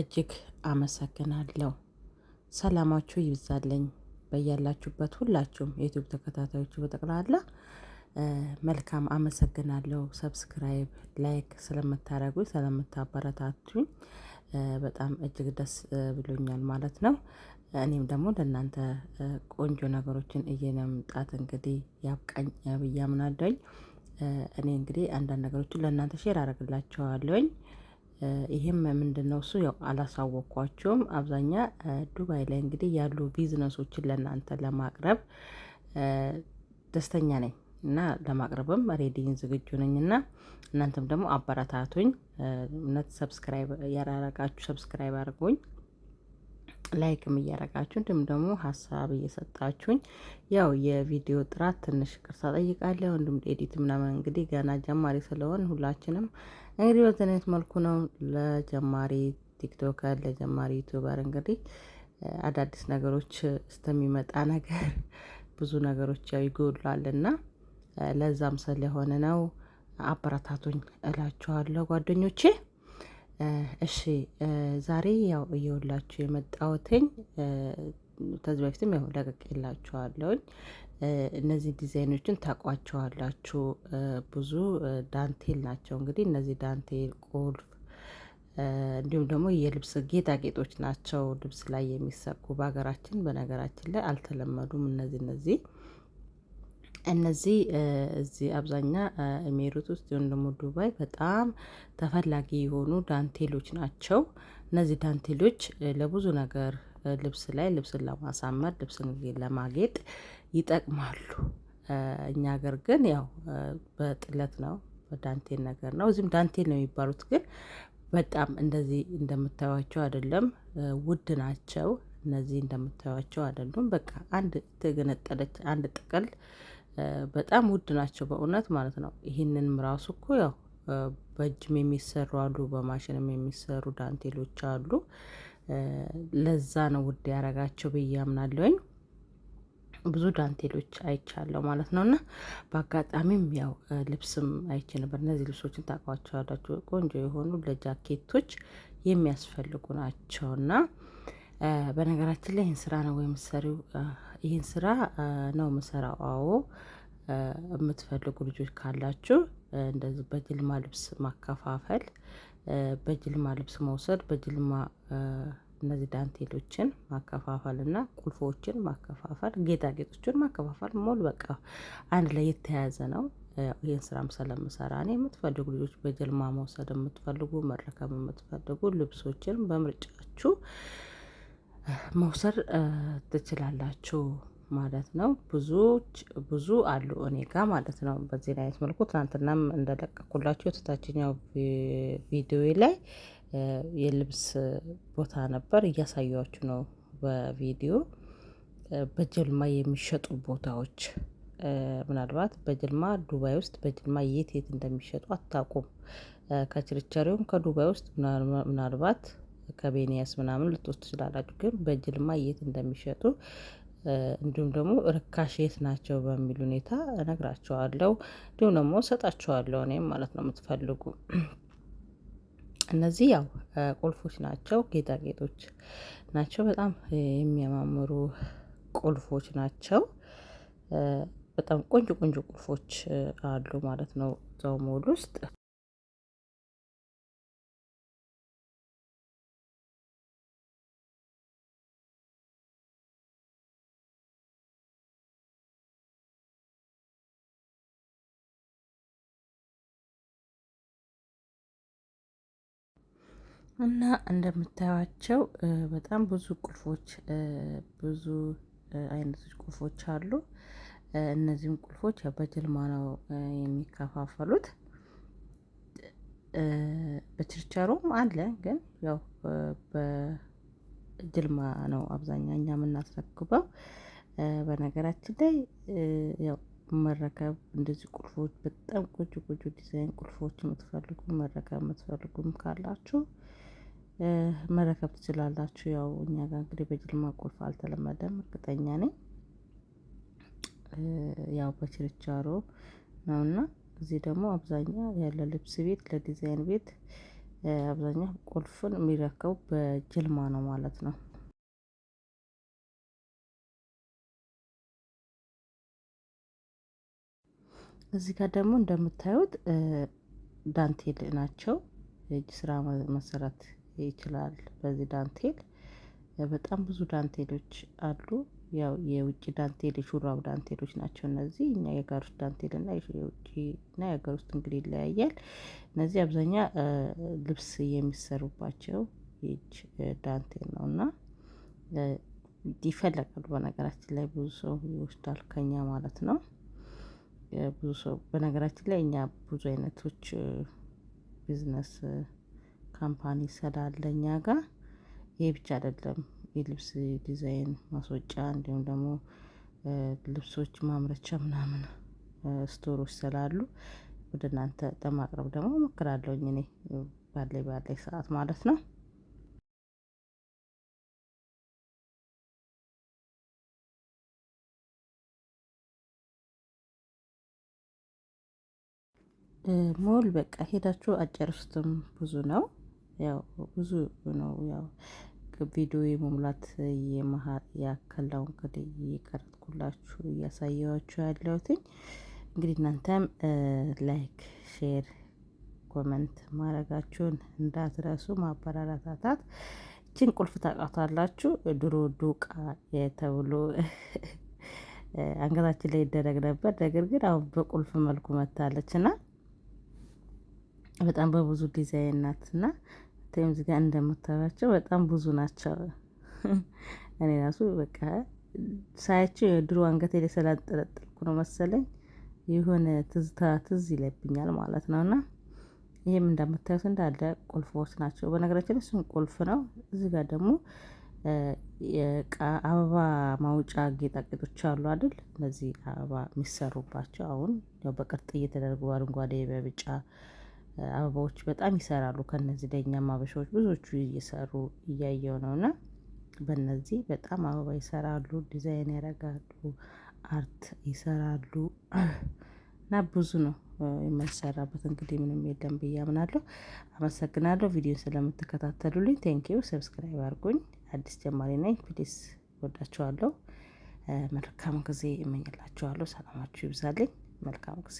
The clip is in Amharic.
እጅግ አመሰግናለሁ። ሰላማችሁ ይብዛልኝ በያላችሁበት ሁላችሁም የዩቲዩብ ተከታታዮች በጠቅላላ መልካም አመሰግናለሁ። ሰብስክራይብ ላይክ ስለምታደረጉ ስለምታበረታቱኝ በጣም እጅግ ደስ ብሎኛል ማለት ነው። እኔም ደግሞ ለእናንተ ቆንጆ ነገሮችን እየነምጣት እንግዲህ ያብቃኝ ብዬ እኔ እንግዲህ አንዳንድ ነገሮችን ለእናንተ ሼር አረግላቸዋለኝ። ይሄም ምንድን ነው እሱ ያው አላሳወቅኳቸውም። አብዛኛ ዱባይ ላይ እንግዲህ ያሉ ቢዝነሶችን ለእናንተ ለማቅረብ ደስተኛ ነኝ እና ለማቅረብም ሬዲን ዝግጁ ነኝ እና እናንተም ደግሞ አበረታቱኝ። እውነት ሰብስክራይብ ያላረጋችሁ ሰብስክራይብ አድርጉኝ። ላይክም እያረጋችሁ እንዲሁም ደግሞ ሀሳብ እየሰጣችሁኝ ያው የቪዲዮ ጥራት ትንሽ ቅርሳ ጠይቃለሁ። እንዲሁም ኤዲት ምናምን እንግዲህ ገና ጀማሪ ስለሆን ሁላችንም እንግዲህ በትንት መልኩ ነው ለጀማሪ ቲክቶከር ለጀማሪ ዩቱበር እንግዲህ አዳዲስ ነገሮች እስከሚመጣ ነገር ብዙ ነገሮች ያው ይጎድላል እና ለዛም ስለሆነ ነው አበረታቶኝ እላችኋለሁ ጓደኞቼ። እሺ ዛሬ ያው እየወላችሁ የመጣሁትኝ ተዚ በፊትም ያው ለቅቄላችኋለሁኝ። እነዚህ ዲዛይኖችን ታቋቸዋላችሁ። ብዙ ዳንቴል ናቸው። እንግዲህ እነዚህ ዳንቴል፣ ቁልፍ እንዲሁም ደግሞ የልብስ ጌጣጌጦች ናቸው። ልብስ ላይ የሚሰኩ በሀገራችን በነገራችን ላይ አልተለመዱም እነዚህ እነዚህ እነዚህ እዚህ አብዛኛ ኤሜሬት ውስጥ ወይም ደግሞ ዱባይ በጣም ተፈላጊ የሆኑ ዳንቴሎች ናቸው። እነዚህ ዳንቴሎች ለብዙ ነገር ልብስ ላይ ልብስን ለማሳመር ልብስን ለማጌጥ ይጠቅማሉ። እኛ ሀገር ግን ያው በጥለት ነው በዳንቴል ነገር ነው። እዚህም ዳንቴል ነው የሚባሉት ግን በጣም እንደዚህ እንደምታዩቸው አይደለም። ውድ ናቸው እነዚህ እንደምታዩቸው አይደሉም። በቃ አንድ ተገነጠለች አንድ ጥቅል በጣም ውድ ናቸው በእውነት ማለት ነው። ይህንንም ራሱ እኮ ያው በእጅም የሚሰሩ አሉ፣ በማሽንም የሚሰሩ ዳንቴሎች አሉ። ለዛ ነው ውድ ያረጋቸው ብዬ አምናለሁኝ። ብዙ ዳንቴሎች አይቻለሁ ማለት ነው። እና በአጋጣሚም ያው ልብስም አይቼ ነበር። እነዚህ ልብሶችን ታውቋቸዋላችሁ፣ ቆንጆ የሆኑ ለጃኬቶች የሚያስፈልጉ እና በነገራችን ላይ ይህን ስራ ነው ወይም ሰሪው ይህን ስራ ነው የምሰራው። አዎ የምትፈልጉ ልጆች ካላችሁ እንደዚህ በጅልማ ልብስ ማከፋፈል፣ በጅልማ ልብስ መውሰድ፣ በጅልማ እነዚህ ዳንቴሎችን ማከፋፈል እና ቁልፎችን ማከፋፈል፣ ጌጣጌጦችን ማከፋፈል ሞል በቃ አንድ ላይ የተያያዘ ነው። ይህን ስራም ስለምሰራ እኔ የምትፈልጉ ልጆች በጀልማ መውሰድ የምትፈልጉ መረከብ የምትፈልጉ ልብሶችን በምርጫችሁ መውሰድ ትችላላችሁ ማለት ነው። ብዙዎች ብዙ አሉ እኔ ጋር ማለት ነው። በዚህ አይነት መልኩ ትናንትናም እንደለቀኩላችሁ የታችኛው ቪዲዮ ላይ የልብስ ቦታ ነበር እያሳያችሁ ነው። በቪዲዮ በጀልማ የሚሸጡ ቦታዎች ምናልባት በጀልማ ዱባይ ውስጥ በጀልማ የት የት እንደሚሸጡ አታውቁም። ከችርቸሪውም ከዱባይ ውስጥ ምናልባት ከቤኒያስ ምናምን ልትወስድ ትችላላችሁ። ግን በእጅ የት እንደሚሸጡ እንዲሁም ደግሞ ርካሽ የት ናቸው በሚል ሁኔታ እነግራቸዋለሁ። እንዲሁም ደግሞ እሰጣቸዋለሁ እኔም ማለት ነው የምትፈልጉ እነዚህ ያው ቁልፎች ናቸው፣ ጌጣጌጦች ናቸው። በጣም የሚያማምሩ ቁልፎች ናቸው። በጣም ቆንጆ ቆንጆ ቁልፎች አሉ ማለት ነው እዛው ሞል ውስጥ እና እንደምታዩቸው በጣም ብዙ ቁልፎች ብዙ አይነቶች ቁልፎች አሉ። እነዚህም ቁልፎች በጀልማ ነው የሚከፋፈሉት። በችርቻሮም አለ፣ ግን ያው በጀልባ ነው አብዛኛው እኛ የምናስረክበው። በነገራችን ላይ ያው መረከብ እንደዚህ ቁልፎች በጣም ቆጆ ቆንጆ ዲዛይን ቁልፎች የምትፈልጉ መረከብ የምትፈልጉም ካላችሁ መረከብ ትችላላችሁ። ያው እኛ ጋር እንግዲህ በጅልማ ቁልፍ አልተለመደም፣ እርግጠኛ ነኝ። ያው በችርቻሮ ነውና እዚህ ደግሞ አብዛኛው ያለ ልብስ ቤት ለዲዛይን ቤት አብዛኛው ቁልፍን የሚረከቡ በጅልማ ነው ማለት ነው። እዚህ ጋር ደግሞ እንደምታዩት ዳንቴል ናቸው የእጅ ስራ መሰራት ይችላል። በዚህ ዳንቴል በጣም ብዙ ዳንቴሎች አሉ። ያው የውጭ ዳንቴል የሹራብ ዳንቴሎች ናቸው እነዚህ። እኛ የሀገር ውስጥ ዳንቴል እና የውጭ እና የሀገር ውስጥ እንግዲህ ይለያያል። እነዚህ አብዛኛ ልብስ የሚሰሩባቸው የእጅ ዳንቴል ነው እና ይፈለጋሉ። በነገራችን ላይ ብዙ ሰው ይወስዳል ከኛ ማለት ነው። ብዙ ሰው በነገራችን ላይ እኛ ብዙ አይነቶች ቢዝነስ ካምፓኒ ስላለ እኛ ጋር ይሄ ብቻ አይደለም የልብስ ዲዛይን ማስወጫ እንዲሁም ደግሞ ልብሶች ማምረቻ ምናምን ስቶሮች ስላሉ ወደ እናንተ ለማቅረብ ደግሞ እሞክራለሁኝ እኔ ባለ ባለ ሰዓት ማለት ነው። ሞል በቃ ሄዳችሁ አጨርሱትም ብዙ ነው። ያው ብዙ ነው ያው ቪዲዮ የመሙላት የመሃል ያክል ነው እንግዲህ እየቀረጥኩላችሁ ያለሁትኝ። እንግዲህ እናንተም ላይክ፣ ሼር፣ ኮመንት ማድረጋችሁን እንዳትረሱ። ማበራራታታት ችን ቁልፍ ታውቃታላችሁ። ድሮ ዶቃ ተብሎ አንገታችን ላይ ይደረግ ነበር። ነገር ግን አሁን በቁልፍ መልኩ መታለች እና በጣም በብዙ ዲዛይን ናት እና ታይም እዚህ ጋር እንደምታዩቸው በጣም ብዙ ናቸው። እኔ ራሱ በቃ ሳያቸው የድሮ አንገቴ ላይ ስላንጠለጠልኩ ነው መሰለኝ የሆነ ትዝታ ትዝ ይለብኛል ማለት ነው። እና ይህም እንደምታዩት እንዳለ ቁልፎች ናቸው። በነገራችን እሱን ቁልፍ ነው። እዚህ ጋር ደግሞ አበባ ማውጫ ጌጣጌጦች አሉ አይደል? እነዚህ አበባ የሚሰሩባቸው አሁን በቅርጥ እየተደረጉ አረንጓዴ፣ በቢጫ አበባዎች በጣም ይሰራሉ። ከነዚህ ለእኛም ሀበሻዎች ብዙዎቹ እየሰሩ እያየው ነው እና በነዚህ በጣም አበባ ይሰራሉ፣ ዲዛይን ያደርጋሉ፣ አርት ይሰራሉ እና ብዙ ነው የምንሰራበት እንግዲህ ምንም የለም ብዬ አምናለሁ። አመሰግናለሁ ቪዲዮን ስለምትከታተሉልኝ። ቴንኪዩ። ሰብስክራይብ አድርጉኝ። አዲስ ጀማሪ ነኝ። ፕሊስ ወዳችኋለሁ። መልካም ጊዜ እመኝላችኋለሁ። ሰላማችሁ ይብዛልኝ። መልካም ጊዜ